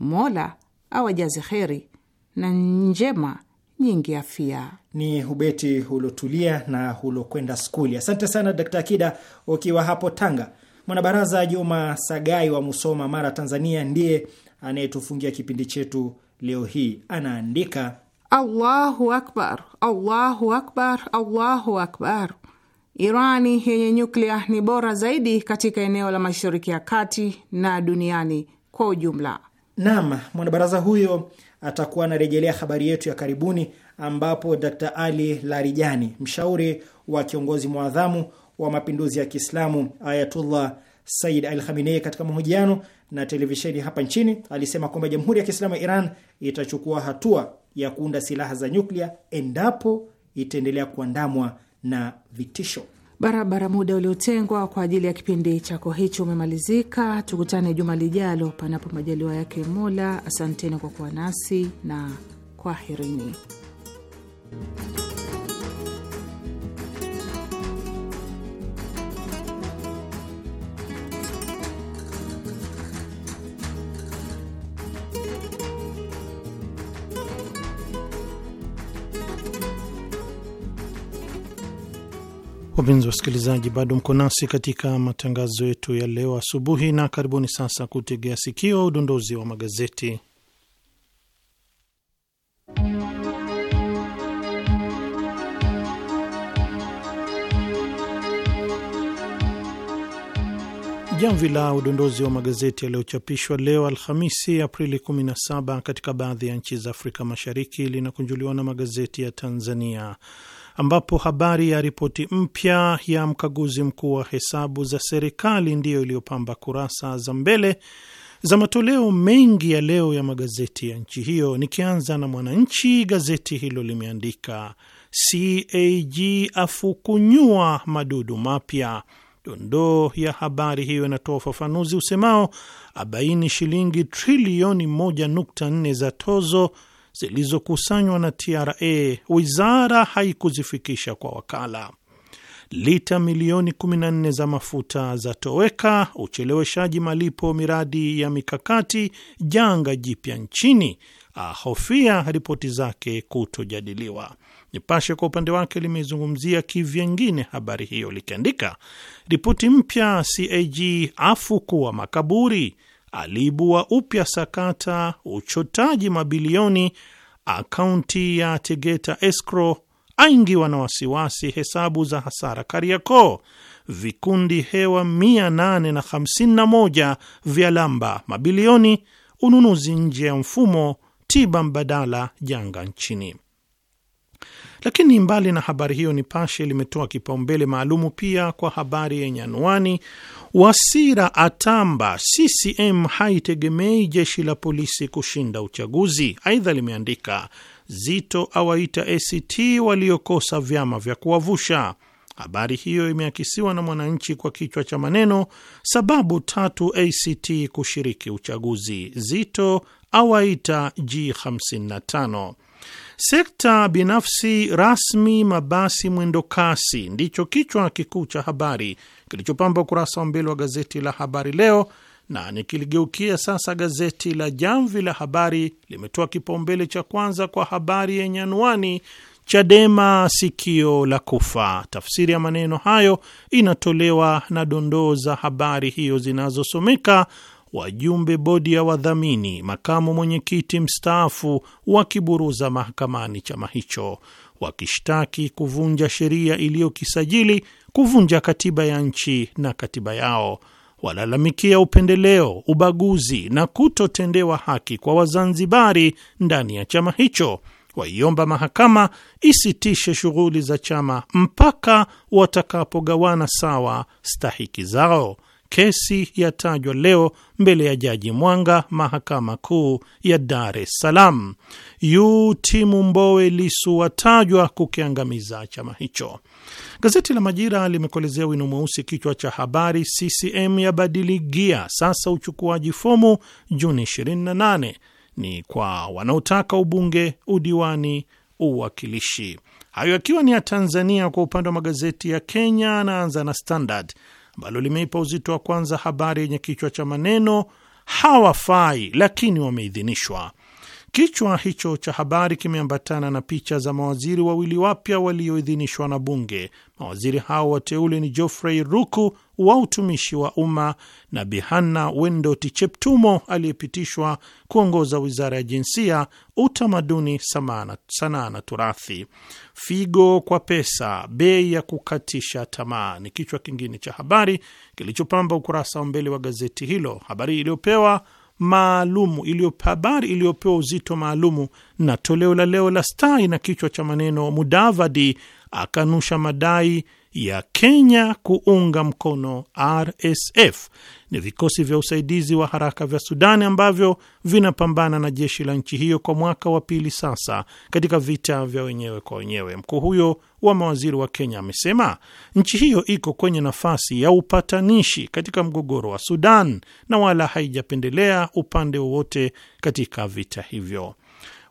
Mola awajaze heri na njema nyingi afia. Ni ubeti uliotulia na ulokwenda skuli. Asante sana Dkt. Akida ukiwa hapo Tanga. Mwanabaraza Juma Sagai wa Musoma, Mara, Tanzania, ndiye anayetufungia kipindi chetu leo hii anaandika: Allahu akbar, Allahu akbar, Allahu akbar. Irani yenye nyuklia ni bora zaidi katika eneo la Mashariki ya Kati na duniani kwa ujumla. Naam, mwanabaraza huyo atakuwa anarejelea habari yetu ya karibuni ambapo Dr. Ali Larijani, mshauri wa kiongozi mwadhamu wa mapinduzi ya Kiislamu Ayatullah Sayyid Al Khamenei, katika mahojiano na televisheni hapa nchini alisema kwamba Jamhuri ya Kiislamu ya Iran itachukua hatua ya kuunda silaha za nyuklia endapo itaendelea kuandamwa na vitisho. Barabara, muda uliotengwa kwa ajili ya kipindi chako hicho umemalizika. Tukutane juma lijalo, panapo majaliwa yake Mola. Asanteni kwa kuwa nasi na kwaherini. Wapenzi wasikilizaji, bado mko nasi katika matangazo yetu ya leo asubuhi, na karibuni sasa kutegea sikio udondozi wa magazeti. Jamvi la udondozi wa magazeti yaliyochapishwa leo Alhamisi, Aprili 17 katika baadhi ya nchi za Afrika Mashariki linakunjuliwa na magazeti ya Tanzania ambapo habari ya ripoti mpya ya mkaguzi mkuu wa hesabu za serikali ndiyo iliyopamba kurasa za mbele za matoleo mengi ya leo ya magazeti ya nchi hiyo. Nikianza na Mwananchi, gazeti hilo limeandika CAG afukunyua madudu mapya. Dondoo ya habari hiyo inatoa ufafanuzi usemao abaini shilingi trilioni 1.4 za tozo zilizokusanywa na TRA wizara haikuzifikisha kwa wakala. Lita milioni 14 za mafuta zatoweka. Ucheleweshaji malipo miradi ya mikakati janga jipya nchini, ahofia ripoti zake kutojadiliwa. Nipashe kwa upande wake limezungumzia kivyengine habari hiyo likiandika, ripoti mpya CAG afu kuwa makaburi aliibua upya sakata uchotaji mabilioni akaunti ya Tegeta Escrow, aingiwa na wasiwasi hesabu za hasara Kariakoo, vikundi hewa 851 vya lamba mabilioni, ununuzi nje ya mfumo, tiba mbadala janga nchini. Lakini mbali na habari hiyo, Nipashe limetoa kipaumbele maalumu pia kwa habari yenye anwani Wasira atamba CCM haitegemei jeshi la polisi kushinda uchaguzi. Aidha limeandika Zito awaita ACT waliokosa vyama vya kuwavusha. Habari hiyo imeakisiwa na Mwananchi kwa kichwa cha maneno, sababu tatu ACT kushiriki uchaguzi, Zito awaita G55. Sekta binafsi rasmi mabasi mwendokasi ndicho kichwa kikuu cha habari kilichopamba ukurasa wa mbele wa gazeti la Habari Leo. Na nikiligeukia sasa, gazeti la Jamvi la Habari limetoa kipaumbele cha kwanza kwa habari yenye anwani Chadema sikio la kufa. Tafsiri ya maneno hayo inatolewa na dondoo za habari hiyo zinazosomeka: wajumbe bodi ya wadhamini, makamu mwenyekiti mstaafu wakiburuza mahakamani chama hicho, wakishtaki kuvunja sheria iliyokisajili kuvunja katiba ya nchi na katiba yao, walalamikia upendeleo, ubaguzi na kutotendewa haki kwa Wazanzibari ndani ya chama hicho, waiomba mahakama isitishe shughuli za chama mpaka watakapogawana sawa stahiki zao. Kesi yatajwa leo mbele ya Jaji Mwanga, mahakama kuu ya Dar es Salaam. yu timu Mbowe Lisu watajwa kukiangamiza chama hicho. Gazeti la Majira limekolezea wino mweusi kichwa cha habari, CCM yabadili gia sasa, uchukuaji fomu Juni 28 ni kwa wanaotaka ubunge, udiwani, uwakilishi. Hayo akiwa ni ya Tanzania. Kwa upande wa magazeti ya Kenya, anaanza na Standard ambalo limeipa uzito wa kwanza habari yenye kichwa cha maneno hawafai lakini wameidhinishwa. Kichwa hicho cha habari kimeambatana na picha za mawaziri wawili wapya walioidhinishwa na Bunge. Mawaziri hao wateule ni Geoffrey Ruku wa utumishi wa umma na Bihanna Wendoti Cheptumo aliyepitishwa kuongoza wizara ya jinsia, utamaduni, sanaa na turathi. Figo kwa pesa, bei ya kukatisha tamaa ni kichwa kingine cha habari kilichopamba ukurasa wa mbele wa gazeti hilo. Habari iliyopewa maalumu iliyo habari iliyopewa uzito maalumu na toleo la leo la Stai na kichwa cha maneno Mudavadi akanusha madai ya Kenya kuunga mkono RSF ni vikosi vya usaidizi wa haraka vya Sudani ambavyo vinapambana na jeshi la nchi hiyo kwa mwaka wa pili sasa katika vita vya wenyewe kwa wenyewe. Mkuu huyo wa mawaziri wa Kenya amesema nchi hiyo iko kwenye nafasi ya upatanishi katika mgogoro wa Sudan na wala haijapendelea upande wowote katika vita hivyo.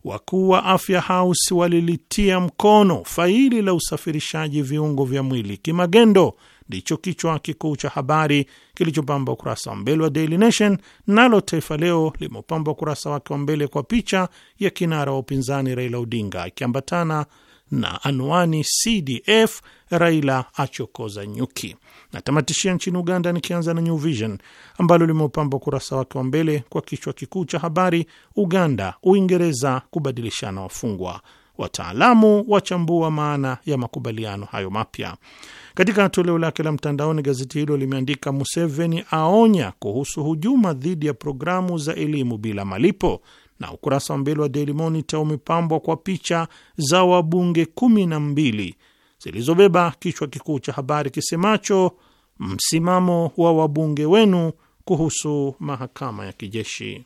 Wakuu wa Afya House walilitia mkono faili la usafirishaji viungo vya mwili kimagendo ndicho kichwa kikuu cha habari kilichopamba ukurasa wa mbele wa Daily Nation. Nalo Taifa Leo limepamba ukurasa wake wa mbele kwa picha ya kinara wa upinzani Raila Odinga akiambatana na anwani CDF Raila achokoza nyuki. Natamatishia nchini Uganda, nikianza na New Vision ambalo limeupamba ukurasa wake wa mbele kwa kichwa kikuu cha habari, Uganda Uingereza kubadilishana wafungwa, wataalamu wachambua maana ya makubaliano hayo mapya. Katika toleo lake la mtandaoni, gazeti hilo limeandika Museveni aonya kuhusu hujuma dhidi ya programu za elimu bila malipo, na ukurasa wa mbele wa Daily Monitor umepambwa kwa picha za wabunge kumi na mbili zilizobeba kichwa kikuu cha habari kisemacho msimamo wa wabunge wenu kuhusu mahakama ya kijeshi.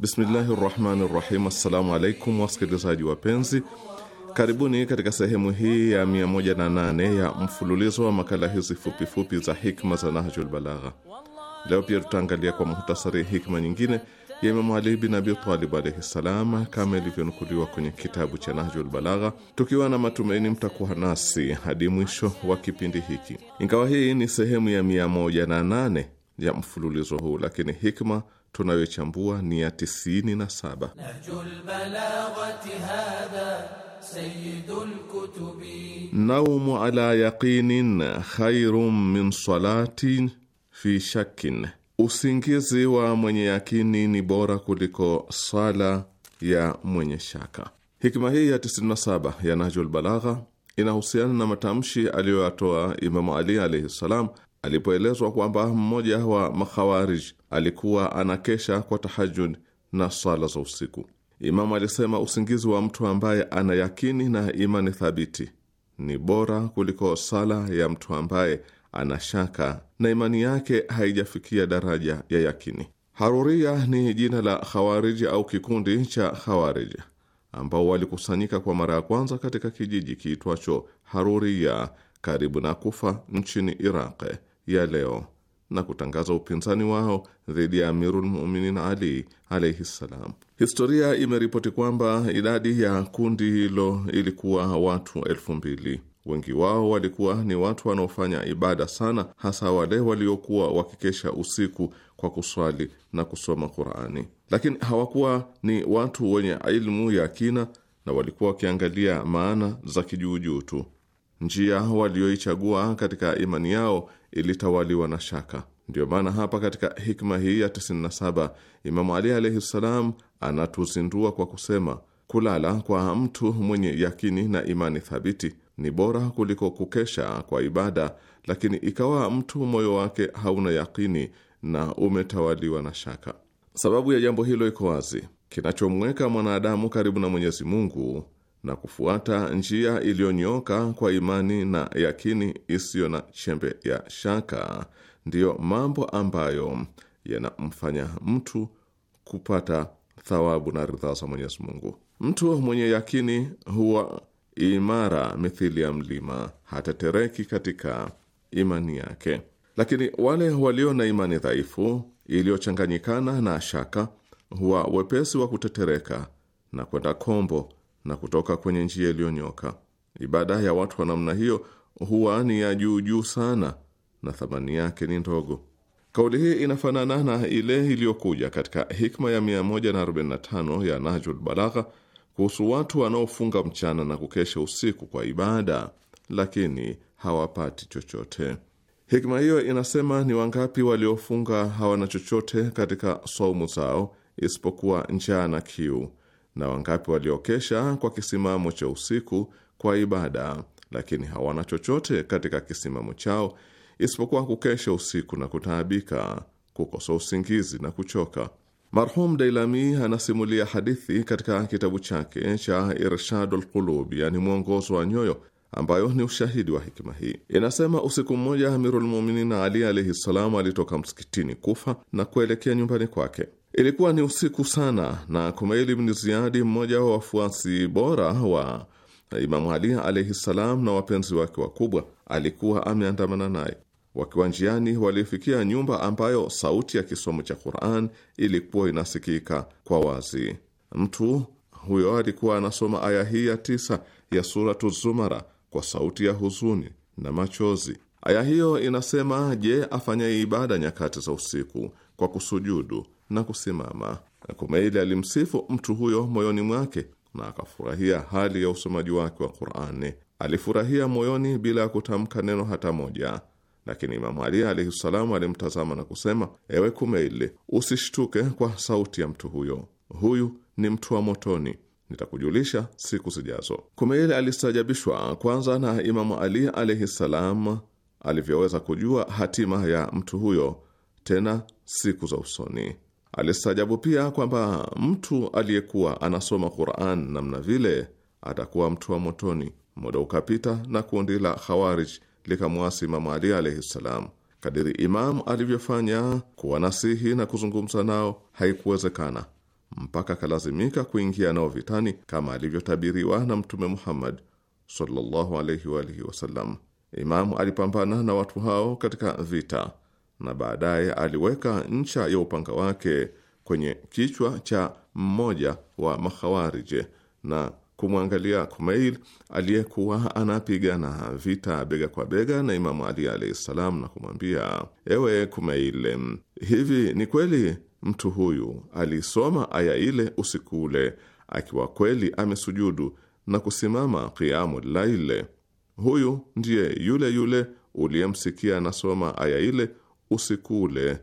Bismillahi rahmani rahim. Assalamu alaikum wasikilizaji wapenzi, karibuni katika sehemu hii ya 108 ya mfululizo wa makala hizi fupifupi za hikma za Nahjul Balagha. Leo pia tutaangalia kwa muhtasari hikma nyingine ya Imamu Ali bin Abi Talib alaihi ssalam, kama ilivyonukuliwa kwenye kitabu cha Nahjul Balagha, tukiwa na matumaini mtakuwa nasi hadi mwisho wa kipindi hiki. Ingawa hii ni sehemu ya 108 ya mfululizo huu, lakini hikma tunayochambua ni ya 97. na Naumu ala yaqinin khairun min salati fi shakkin, usingizi wa mwenye yakini ni bora kuliko sala ya mwenye shaka. Hikma hii ya 97 ya Nahjul Balagha inahusiana na matamshi aliyoyatoa Imamu Ali alaihi ssalam alipoelezwa kwamba mmoja wa makhawarij alikuwa anakesha kwa tahajud na sala za usiku. Imamu alisema usingizi wa mtu ambaye ana yakini na imani thabiti ni bora kuliko sala ya mtu ambaye ana shaka na imani yake haijafikia daraja ya yakini. Haruria ni jina la khawariji au kikundi cha khawariji ambao walikusanyika kwa mara ya kwanza katika kijiji kiitwacho Haruria karibu na Kufa nchini Iraq ya leo na kutangaza upinzani wao dhidi ya Amirul Muminin Ali alaihi ssalam. Historia imeripoti kwamba idadi ya kundi hilo ilikuwa watu elfu mbili. Wengi wao walikuwa ni watu wanaofanya ibada sana, hasa wale waliokuwa wakikesha usiku kwa kuswali na kusoma Qurani, lakini hawakuwa ni watu wenye ilmu ya kina na walikuwa wakiangalia maana za kijuujuu tu. Njia walioichagua katika imani yao ilitawaliwa na shaka. Ndiyo maana hapa katika hikma hii ya 97 Imamu Ali alaihi ssalam anatuzindua kwa kusema, kulala kwa mtu mwenye yakini na imani thabiti ni bora kuliko kukesha kwa ibada, lakini ikawa mtu moyo wake hauna yakini na umetawaliwa na shaka. Sababu ya jambo hilo iko wazi. Kinachomweka mwanadamu karibu na Mwenyezi Mungu na kufuata njia iliyonyooka kwa imani na yakini isiyo na chembe ya shaka, ndiyo mambo ambayo yanamfanya mtu kupata thawabu na ridhaa za Mwenyezi Mungu. Mtu mwenye yakini huwa imara mithili ya mlima, hatetereki katika imani yake. Lakini wale walio na imani dhaifu iliyochanganyikana na shaka huwa wepesi wa kutetereka na kwenda kombo na kutoka kwenye njia iliyonyoka. Ibada ya watu wa namna hiyo huwa ni ya juu juu sana na thamani yake ni ndogo. Kauli hii inafanana na ile iliyokuja katika hikma ya 145 ya Najul Balagha kuhusu watu wanaofunga mchana na kukesha usiku kwa ibada, lakini hawapati chochote. Hikma hiyo inasema, ni wangapi waliofunga hawana chochote katika saumu zao isipokuwa njaa na kiu na wangapi waliokesha kwa kisimamo cha usiku kwa ibada, lakini hawana chochote katika kisimamo chao isipokuwa kukesha usiku na kutaabika, kukosa usingizi na kuchoka. Marhum Dailami anasimulia hadithi katika kitabu chake cha Irshadul Qulub, yani mwongozo wa nyoyo, ambayo ni ushahidi wa hikima hii. Inasema usiku mmoja Amirul Muminin Ali alaihi ssalam alitoka msikitini Kufa na kuelekea nyumbani kwake. Ilikuwa ni usiku sana, na Kumail bn Ziyadi, mmoja wa wafuasi bora wa Imamu Ali alaihi ssalam na wapenzi wake wakubwa, alikuwa ameandamana naye. Wakiwa njiani, walifikia nyumba ambayo sauti ya kisomo cha Quran ilikuwa inasikika kwa wazi. Mtu huyo alikuwa anasoma aya hii ya tisa ya Suratu Zumara kwa sauti ya huzuni na machozi. Aya hiyo inasema: Je, afanyaye ibada nyakati za usiku kwa kusujudu na kusimama. Kumeili alimsifu mtu huyo moyoni mwake na akafurahia hali ya usomaji wake wa Qur'ani. Alifurahia moyoni bila ya kutamka neno hata moja, lakini Imamu Ali alaihi ssalamu alimtazama na kusema: ewe Kumeili, usishtuke kwa sauti ya mtu huyo, huyu ni mtu wa motoni, nitakujulisha siku zijazo. Kumeili alistajabishwa kwanza na Imamu Ali alaihi salam alivyoweza kujua hatima ya mtu huyo, tena siku za usoni. Alistajabu pia kwamba mtu aliyekuwa anasoma Quran namna vile atakuwa mtu wa motoni. Muda ukapita na kundi la Khawarij likamwasi Imamu Ali alaihi ssalam. Kadiri Imamu alivyofanya kuwa nasihi na kuzungumza nao, haikuwezekana mpaka akalazimika kuingia nao vitani kama alivyotabiriwa na Mtume Muhammad sallallahu alaihi wasallam. Imamu alipambana na watu hao katika vita na baadaye aliweka ncha ya upanga wake kwenye kichwa cha mmoja wa makhawarije na kumwangalia Kumail aliyekuwa anapigana vita bega kwa bega na Imamu Ali alahi ssalam na kumwambia ewe Kumail, hivi ni kweli mtu huyu alisoma aya ile usiku ule akiwa kweli amesujudu na kusimama kiamu laile? Huyu ndiye yule yule uliyemsikia anasoma aya ile usikule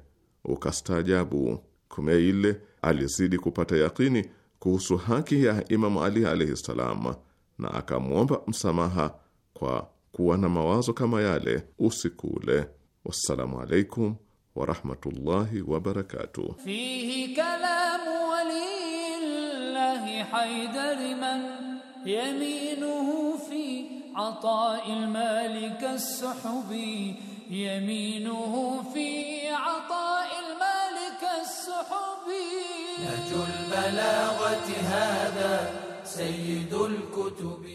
ukastaajabu. Kumail alizidi kupata yakini kuhusu haki ya Imamu Ali alaihi ssalam, na akamwomba msamaha kwa kuwa na mawazo kama yale usikule. Wassalamu alaikum warahmatullahi wabarakatuh. Fihi kalamu walillahi haidari man yaminuhu fi atai lmalik assuhubi يمينه في عطاء المال كالسحب نهج البلاغة هذا سيد الكتب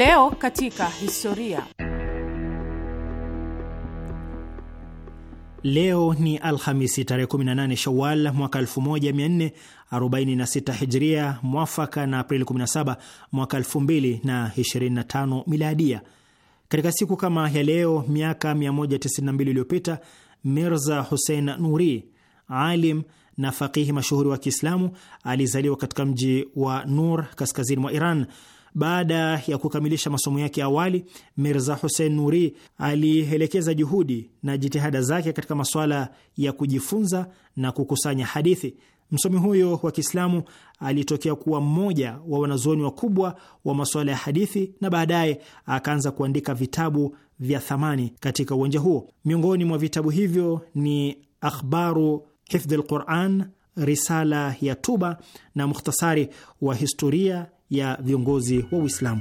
Leo katika historia. Leo ni Alhamisi tarehe 18 Shawal mwaka 1446 Hijria, mwafaka na Aprili 17 mwaka 2025 Miladia. Katika siku kama ya leo miaka 192 iliyopita, Mirza Hussein Nuri, alim na faqihi mashuhuri wa Kiislamu, alizaliwa katika mji wa Nur kaskazini mwa Iran. Baada ya kukamilisha masomo yake awali, Mirza Hussein Nuri alielekeza juhudi na jitihada zake katika masuala ya kujifunza na kukusanya hadithi. Msomi huyo wa Kiislamu alitokea kuwa mmoja wa wanazuoni wakubwa wa masuala ya hadithi na baadaye akaanza kuandika vitabu vya thamani katika uwanja huo. Miongoni mwa vitabu hivyo ni Akhbaru Hifdhi lquran, Risala ya Tuba na mukhtasari wa historia ya viongozi wa Uislamu.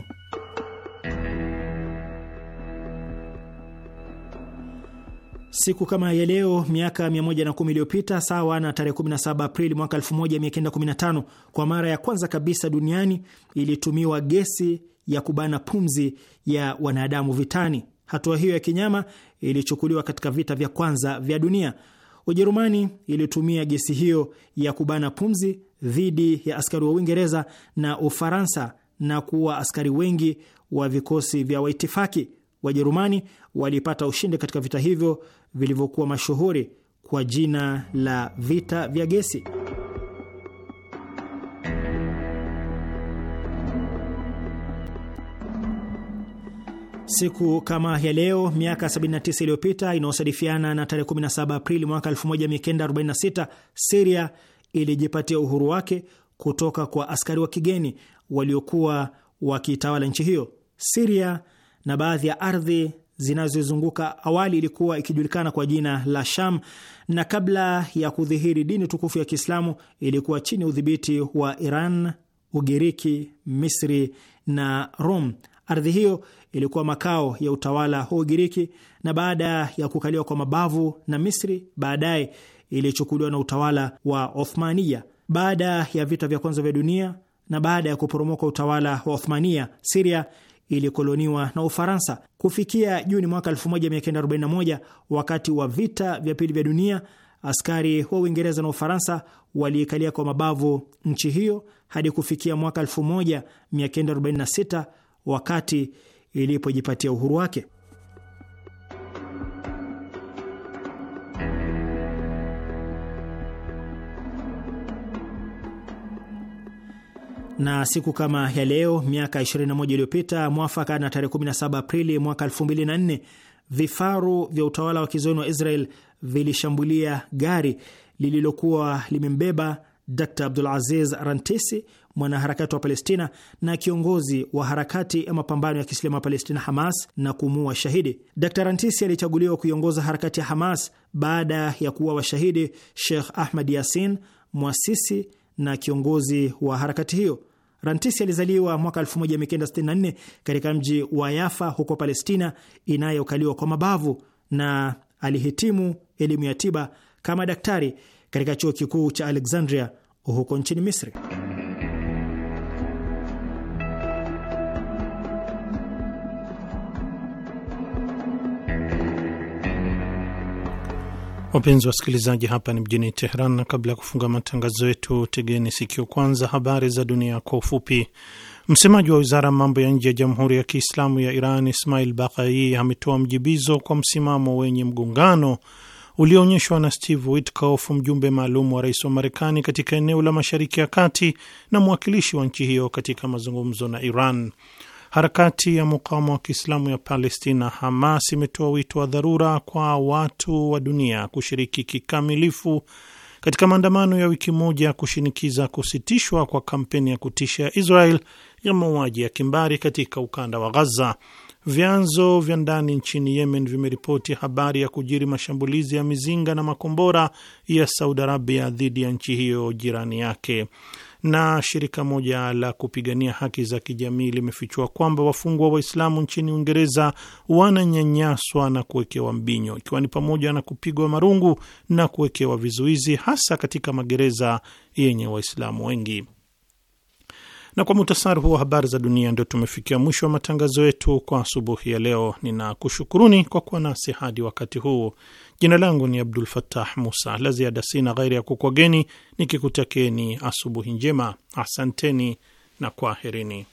Siku kama ya leo miaka 110 iliyopita, sawa na tarehe 17 Aprili mwaka 1915, kwa mara ya kwanza kabisa duniani ilitumiwa gesi ya kubana pumzi ya wanadamu vitani. Hatua hiyo ya kinyama ilichukuliwa katika vita vya kwanza vya dunia. Ujerumani ilitumia gesi hiyo ya kubana pumzi dhidi ya askari wa Uingereza na Ufaransa na kuwa askari wengi wa vikosi vya waitifaki. Wajerumani walipata ushindi katika vita hivyo vilivyokuwa mashuhuri kwa jina la vita vya gesi. Siku kama ya leo miaka 79 iliyopita inayosadifiana na tarehe 17 Aprili mwaka 1946, Siria ilijipatia uhuru wake kutoka kwa askari wa kigeni waliokuwa wakitawala nchi hiyo. Siria na baadhi ya ardhi zinazozunguka awali ilikuwa ikijulikana kwa jina la Sham, na kabla ya kudhihiri dini tukufu ya Kiislamu ilikuwa chini ya udhibiti wa Iran, Ugiriki, Misri na Rome. Ardhi hiyo ilikuwa makao ya utawala wa Ugiriki na baada ya kukaliwa kwa mabavu na Misri, baadaye iliyochukuliwa na utawala wa Othmania. Baada ya vita vya kwanza vya dunia na baada ya kuporomoka utawala wa Othmania, Siria ilikoloniwa na Ufaransa kufikia Juni mwaka 1941. Wakati wa vita vya pili vya dunia, askari wa Uingereza na Ufaransa waliikalia kwa mabavu nchi hiyo hadi kufikia mwaka 1946 wakati ilipojipatia uhuru wake. na siku kama ya leo miaka 21 iliyopita mwafaka na tarehe 17 Aprili mwaka 2004 vifaru vya utawala wa kizoni wa Israel vilishambulia gari lililokuwa limembeba Dr Abdul Aziz Rantisi, mwanaharakati wa Palestina na kiongozi wa harakati ya mapambano ya Kiislamu ya Palestina, Hamas, na kumuua shahidi. Dr Rantisi alichaguliwa kuiongoza harakati ya Hamas baada ya kuwa washahidi Sheikh Ahmad Yasin, mwasisi na kiongozi wa harakati hiyo. Rantisi alizaliwa mwaka 1964 katika mji wa Yafa huko Palestina inayokaliwa kwa mabavu na alihitimu elimu ya tiba kama daktari katika chuo kikuu cha Alexandria huko nchini Misri. Wapenzi wasikilizaji, hapa ni mjini Teheran, na kabla ya kufunga matangazo yetu, tegeni sikio kwanza habari za dunia kwa ufupi. Msemaji wa wizara ya mambo ya nje ya Jamhuri ya Kiislamu ya Iran Ismail Bakai ametoa mjibizo kwa msimamo wenye mgongano ulioonyeshwa na Steve Witkoff, mjumbe maalum wa rais wa Marekani katika eneo la Mashariki ya Kati na mwakilishi wa nchi hiyo katika mazungumzo na Iran. Harakati ya mukawama wa Kiislamu ya Palestina, Hamas, imetoa wito wa dharura kwa watu wa dunia kushiriki kikamilifu katika maandamano ya wiki moja kushinikiza kusitishwa kwa kampeni ya kutisha ya Israel ya mauaji ya kimbari katika ukanda wa Ghaza. Vyanzo vya ndani nchini Yemen vimeripoti habari ya kujiri mashambulizi ya mizinga na makombora ya Saudi Arabia dhidi ya nchi hiyo jirani yake. Na shirika moja la kupigania haki za kijamii limefichua kwamba wafungwa Waislamu nchini Uingereza wananyanyaswa na kuwekewa mbinyo, ikiwa ni pamoja na kupigwa marungu na kuwekewa vizuizi, hasa katika magereza yenye Waislamu wengi. Na kwa muhtasari huu wa habari za dunia, ndio tumefikia mwisho wa matangazo yetu kwa asubuhi ya leo. Ninakushukuruni kwa kuwa nasi hadi wakati huu. Jina langu ni Abdul Fattah Musa. La ziada sina ghairi ya kukwageni nikikutakeni asubuhi njema. Asanteni na kwaherini.